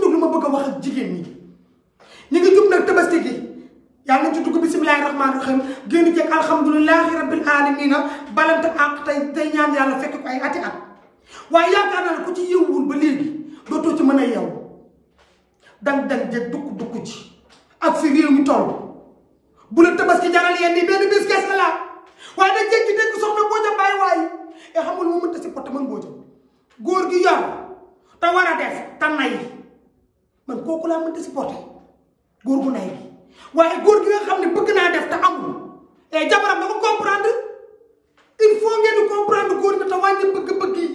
nag lu ma bëgg a wax ak jigéen ñi ñu ngi jub nag tabaski gi yàlla nañ ci dugg bisimilahi rahmaani rahim génn ceeg alhamdulilahi rabil alamina balante ak tey tey ñaan yàlla fekk ko ati at waaye yaakaar naa ne ku ci yëwwul ba léegi dootoo ci mën a yeewu dang-dang jeg dukk dukk ci ak fi réew mi bu la tabaski jaral yéen benn bis kees la waaye da jéggi dégg soxna Mbodia Mbaye waaye e eh, xamul mu mënta si porte man Mbodia góor gi yor te war a def te man kooku laa si supporté góor bu nay bi waaye góor gi nga xam ne bëgg naa def te amul et eh, jabaram dafa comprendre il faut ngeen di comprendre góor ñi te wàññi bëgg-bëgg yi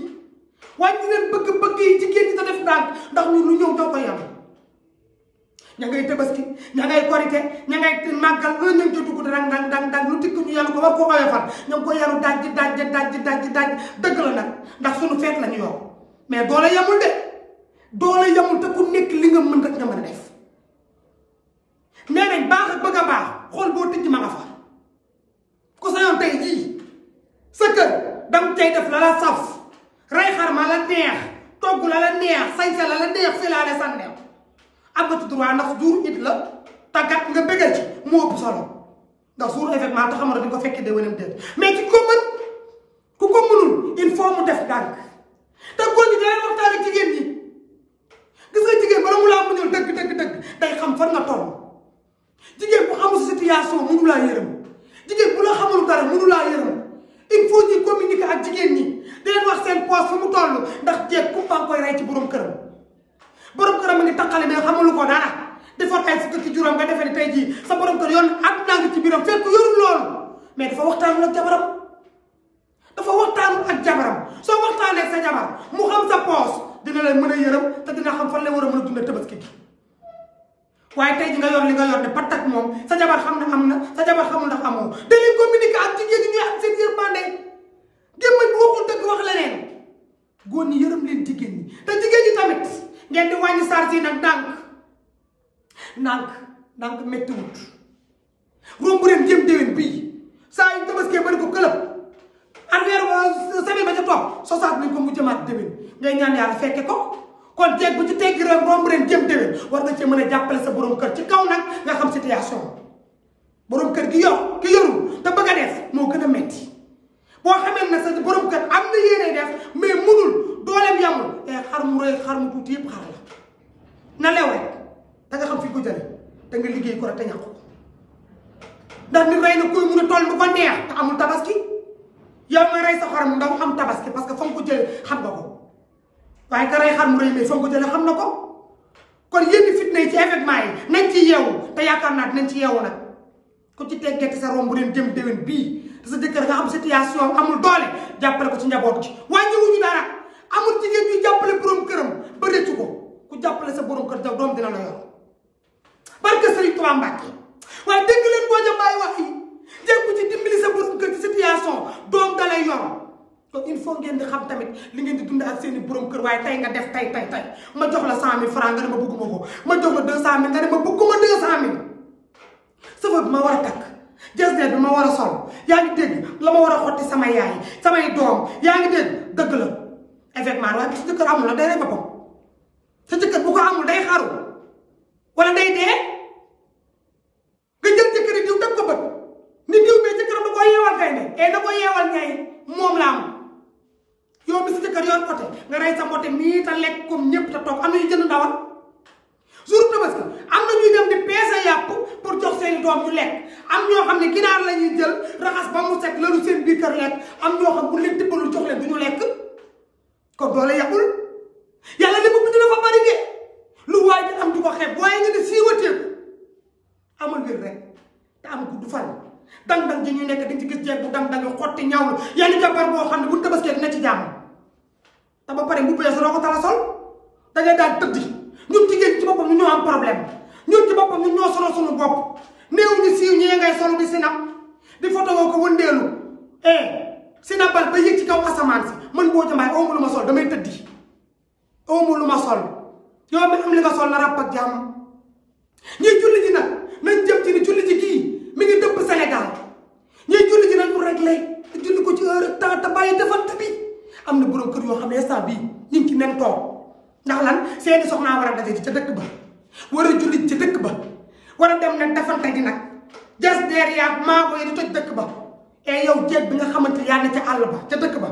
wàññi leen bëgg-bëgg yi ci ñi te def ndànk ndax ñun lu ñëw doo ko ña ngay tabaski ña ngay korite ña ngay màggal un ña ngi dugg dang dang dang dang lu tikk ñu yaru ko war koo oyofal ña ngi ko yaru dajji dajji dajji dajji dajji dëgg la nag ndax suñu feet la ñu yor mais doole yemul de doole yamul te ku nekk li nga mën rek nga mën a def nee nañ baax ak bëgg a baax xool boo tëj ma nga fa ku sa yoon tey jii sa kër dam cay def la la saf rey xar ma la neex togg la la neex sañse la la neex fi laa le sànneew amatu droit ndax jur it la tàggat nga bëggal moo ëpp solo ndax suur effectivement te xamara di ko fekkee de wanam dé mais ci ko mën il faut def dànk te góor ñi da leen waxtaan ak jigéen la mu laa muñal dëgg dëgg dëgg day xam fan nga toll jigéen bu xamul sa situation mënu yërëm jigéen bu la xamul dara mënu laa jigéen ñi di leen wax seen poos fu mu toll ndax jeeg kumpa koy rey ci borom këram borom këram a ngi taqale mais xamulu ko dara defar ay fukki ci juróom nga defee ni tey sa borom kër yoon ak naa ngi ci biiram fekk yorul loolu mais dafa waxtaanul la jabaram dafa waxtaanul ak jabaram soo waxtaanee sa jabar mu xam sa poos dina leen mën a yërëm te dina xam fan la war a mën a dundee tabaski gi waaye tey ji nga yor li nga yor ne pat ak moom sa jabar xam na am na sa jabar xamul na amoo da leen communiqué ak jigéen ñi ñuy am seen yërmande gémmañ wax leneen góor ñi yërëm leen jigéen ñi ta jigéen ñi tamit ngeen di wàññi charge yi nag ndànk ndànk ndànk méttiwut romb leen jëm déwén bii saa yu tabaskee bari ko këlëb anweer euh, semaine ba ca topp sosaat nañ ko mu jëmaat déwén ngay ñaan yàlla fekke ko kon teeg bu ci teggi rek romb ren jëm déwén war nga cee mën a jàppale sa borom kër ci kaw nag nga xam situation borom kër gi yor ki yorul te bëgg a moo gën a metti boo sa borom kër am na yéene def mais munul dooleem yamul te xar la na lew nga ko da nga liggéey ko rek te ñàkk ndax nit rey na kuy mun a toll lu ko neex te amul tabaski yow nga rey sa xar mu ndaw am tabaski parce que fa nga ko jële xam nga ko waaye ka rey xar mu rëy mais foo ko xam na ko kon yenn fitna yi ci événement yi nañ ci yeewu te yaakaar naa dinañ ci yeewu nag ku ci teggati sa romb leen jëm déwén bii te sa jëkkër nga xam situation amul doole jàppale ko ci njaboot ci wàññiwuñu dara amul jigéen ñuy jàppale borom këram ba rëccu ko ku jàppale sa borom kër jaw doom dina la yor barke Sëriñ Tuubaa Mbàkke waaye dégg leen boo ja bàyyi wax yi ci dimbali sa borom kër ci situation doom dalay yor donc il faut ngeen di xam tamit li ngeen di dund ak seen i kër waaye tey nga def tey tey tey ma jox la cent mille franc nga ne ma ko ma jox la deux cent mille nga ne ma bëgguma deux cent mille bi ma war a takk jasneer war a sol yaa ngi la ma war a xotti sama yaay samay doom yaa ngi dégg dëgg la effectivement waaye sa jëkkër amul la day rey boppam sa jëkkër bu ko amul day xaru wala day dee njaboote mii ta lekk comme ñëpp te toog am na ñu am na ñuy dem di peese yàpp pour jox seen doom ñu lekk am ñoo xam ne ginaar la ñuy jël raxas ba mu set lalu seen biir kër lekk am ñoo xam bu leen tibbalu jox leen du ñu lekk kon doole lu waay di am du ko xeeb waaye nga ne siiwateeku rek te am gudd fan dang dang ji ñuy nekk di ci gis jeeg bu dang dang xotti ñaw la yenn jabar boo xam ne bu tabaskee dina ci jàmm te ba pare bu bees doo ko tala sol da ngay daal tëddi ñun jigéen ci boppam ñu ñoo am problème ñun ci boppam ñu ñoo solo suñu bopp néew ñu siiw ñee ngay sol di sinap di photo woo ko wëndeelu eh sinapal ba yëg ci kaw asamaan si man boo jëmbaay aw ma lu ma sol damay tëddi aw ma lu ma sol yow mi am li nga sol na ràpp ak jàmm ñuy julli ji nag nañ jëm ci ni julli ji kii mi ngi dëpp Sénégal ñuy julli ji nag mu réglé julli ko ci heure temps te bàyyi defante am na borom kër yoo xam ne instant bii ñu ngi ci nen toog ndax lan seeni soxnaa war a daje ca dëkk ba war a julli ca dëkk ba war a dem nag dafante gi nag jas deer yaag maabo yi di dëkk ba eh, yow jeeg bi nga xamante yaa ne ca àll ca dëkk ba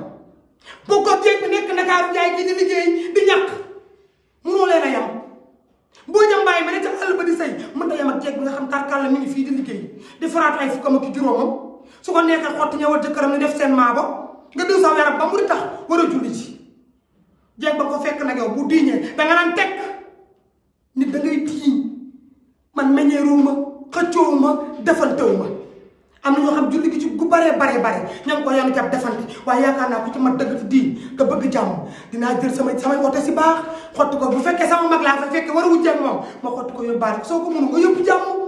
bu ko jeeg bi nekk Ndakaaru Njaay gi di liggéey di ñàkk munoo leen a yam boo jàmbaay ma ne ca àll ba di sëy mën na yam ak jeeg bi nga xam tarkal la mi ngi fii di liggéey di faraat fukkam ak juróomam su ko neexee xotti ñëwal jëkkëram ni def seen maabo nga diw saw yaram ba mu di tax war a julli ci jeeg ba ko fekk nag yow bu diiñee danga naan tekk nit da ngay diiñ man meññeeruwuma ma defantewuma am na ñoo xam julli gi ci gu baree baree bare ña ngi ko yaa ngi jàpp defante waaye yaakaar naa ku ci man dëgg diiñ te bëgg jàmm dinaa jël samay samay oto si baax xottu ko bu fekkee sama mag laa fa fekkee war a wujjeeg moom ma xottu ko yóbbaale soo ko mënu nga yóbbu jàmm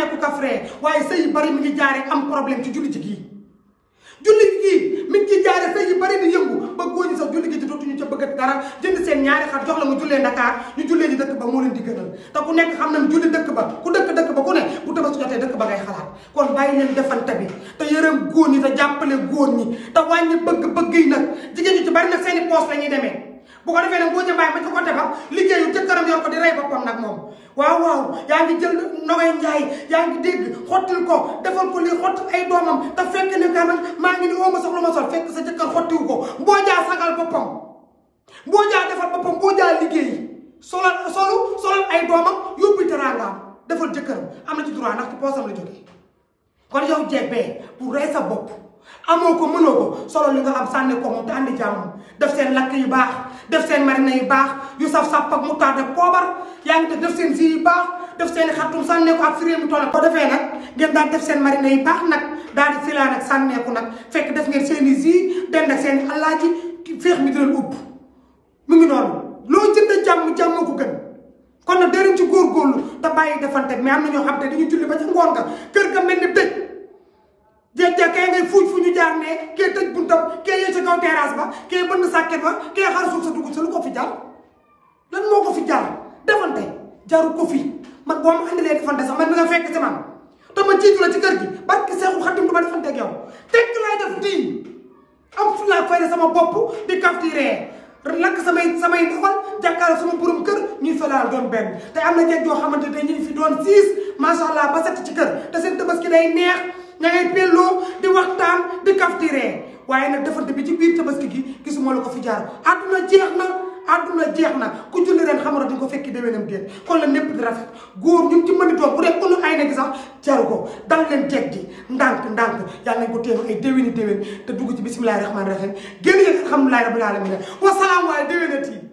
nekku ka frère waaye sëy yu bari mi ngi jaare am problème ci julli ji gii julli gii mi ngi jaare sëy yu bari di yëngu ba góor ñi sax julli gi di dootuñu ca bëgg dara jënd seen ñaari xar jox la mu jullee Dakar ñu jullee ji dëkk ba moo leen di gënal ku nekk xam nañ julli dëkk ba ku dëkk dëkk ba ku ne bu tabaski jotee dëkk ba ngay xalaat kon bàyyi leen defante bi te yërëm góor ñi te jàppale góor ñi te wàññi bëgg-bëgg yi nag jigéen ñi ci bari nag seeni poos la ñuy demee bu ko defee nag boo ca bàyyi ba ci ko defal liggéeyu ca kanam ko di rey boppam nag moom waaw waaw yaa ngi jël nogay njaay yaa ngi dégg xottil ko defal ko lii xottil ay doomam te fekk ne kanam maa ngi ni woo ma sox lu ma sol fekk sa jëkkër xottiwu ko boo jaa sagal boppam boo jaa defal boppam boo jaa liggéey solal solu solal ay doomam yóbbu teraangaam defal jëkkëram am na ci droit ndax ci poosam la jógee kon yow jebbee pour rey sa bopp amoo ko mënoo ko solo li nga am sànni ko moom te andi jàmm def seen lakk yu baax def seen marina yi baax yu saf sàpp ak moutarde ak poobar yaa ngi def seen si yu baax def seen i xattum sànni ko ak furée mu toll ko defee nag ngeen daal def seen marina yi baax nag daal di silaan ak sànneeku nag fekk def ngeen seen i si dend ak seen i alaaji féex mi di leen upp mu ngi noonu loo jënd jàmm jàmm ko gën kon nag dëriñ ci góorgóorlu te bàyyi defante mais am na ñoo xam te dañu julli ba ca ngoon nga kër ga mel ni dëj ja kee ngay fuuj fu ñu jaar ne kee tëj buntam kee yéeg sa kaw terrasse ba kee bënn sàkket ba kee xar suuf sa dugub sa lu ko fi jaar lan moo ko fi jaar defante jaru ko fi man boo ma andilee defante sax man la ci kër gi barki Seexu Xadim du ma defanteeg yow tekk laay def tii am fu laa fayre sama bopp di kaf di ree lakk samay samay xol jàkkaarloo sama borom kër ñuy felaal doon benn te am na jeeg yoo xamante ne ñu fi doon siis macha ba set ci kër te seen tabaski day neex nga ngay pelloo di waxtaan di kaf di ree waaye nag defante bi ci biir tabaski gi gisuma la ko fi jaar àdduna jeex na adduna jeex na ku julli reen xamara di ko fekki déwénam déet kon la népp di rafet góor ñu ci mën di doon bu dee ëllu sax jaru ko dal leen teg ji ndànk ndànk yàlla nañ ko teew ay déwéni déwén te dugg ci bisimilahi rahmaani rahim génn nga alhamdulilahi rabbil alamin wasalaamu alay déwénati